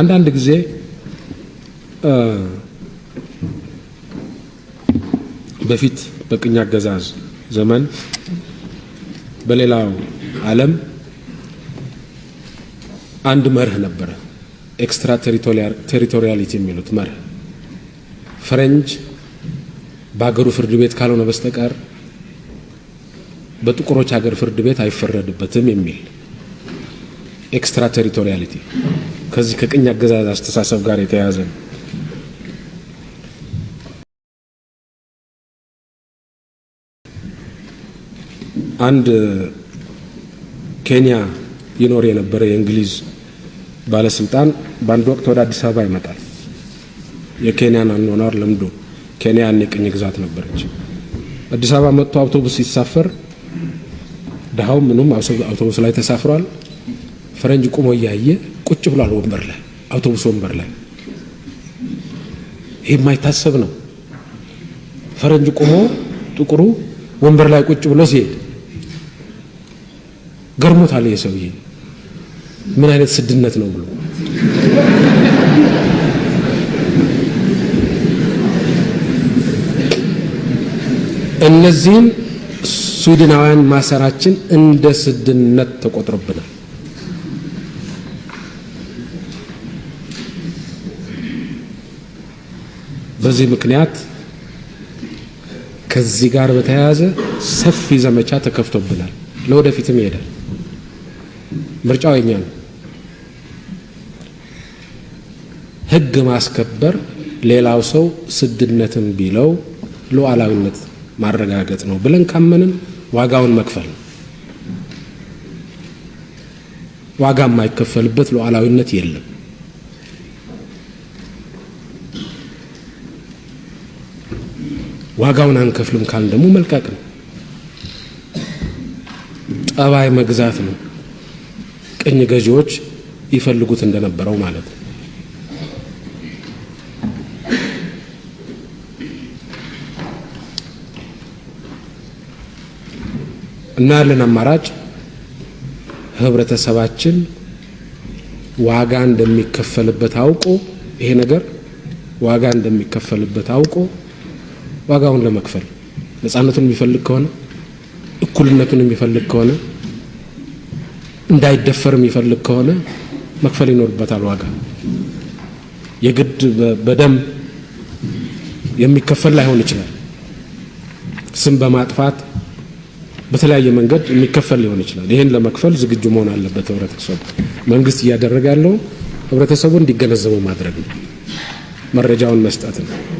አንዳንድ ጊዜ በፊት በቅኝ አገዛዝ ዘመን በሌላው ዓለም አንድ መርህ ነበረ፣ ኤክስትራ ቴሪቶሪያሊቲ የሚሉት መርህ። ፈረንጅ በሀገሩ ፍርድ ቤት ካልሆነ በስተቀር በጥቁሮች ሀገር ፍርድ ቤት አይፈረድበትም የሚል ኤክስትራ ቴሪቶሪያሊቲ ከዚህ ከቅኝ አገዛዝ አስተሳሰብ ጋር የተያያዘ ነው። አንድ ኬንያ ይኖር የነበረ የእንግሊዝ ባለስልጣን በአንድ ወቅት ወደ አዲስ አበባ ይመጣል። የኬንያን አኗኗር ለምዶ ኬንያ ያኔ ቅኝ ግዛት ነበረች። አዲስ አበባ መጥቶ አውቶቡስ ሲሳፈር ድሃው ምኑም አውቶቡስ ላይ ተሳፍሯል። ፈረንጅ ቁሞ እያየ ቁጭ ብሏል ወንበር ላይ አውቶቡስ ወንበር ላይ። ይሄ የማይታሰብ ነው። ፈረንጅ ቆሞ ጥቁሩ ወንበር ላይ ቁጭ ብሎ ሲሄድ ገርሞታል። ይሄ ሰውዬ ምን አይነት ስድነት ነው ብሎ እነዚህን ስዊድናውያን ማሰራችን እንደ ስድነት ተቆጥሮብናል። በዚህ ምክንያት ከዚህ ጋር በተያያዘ ሰፊ ዘመቻ ተከፍቶብናል። ለወደፊትም ይሄዳል። ምርጫው የኛ ነው። ህግ ማስከበር ሌላው ሰው ስድነትን ቢለው ሉዓላዊነት ማረጋገጥ ነው ብለን ካመንን ዋጋውን መክፈል ነው። ዋጋ የማይከፈልበት ሉዓላዊነት የለም። ዋጋውን አንከፍልም ካል ደግሞ መልቃቅ ነው፣ ጠባይ መግዛት ነው። ቅኝ ገዢዎች ይፈልጉት እንደነበረው ማለት ነው። እና ያለን አማራጭ ህብረተሰባችን ዋጋ እንደሚከፈልበት አውቆ ይሄ ነገር ዋጋ እንደሚከፈልበት አውቆ ዋጋውን ለመክፈል ነፃነቱን የሚፈልግ ከሆነ እኩልነቱን የሚፈልግ ከሆነ እንዳይደፈር የሚፈልግ ከሆነ መክፈል ይኖርበታል። ዋጋ የግድ በደም የሚከፈል ላይሆን ይችላል። ስም በማጥፋት በተለያየ መንገድ የሚከፈል ሊሆን ይችላል። ይህን ለመክፈል ዝግጁ መሆን አለበት ህብረተሰቡ። መንግስት እያደረገ ያለው ህብረተሰቡ እንዲገነዘበው ማድረግ ነው፣ መረጃውን መስጠት ነው።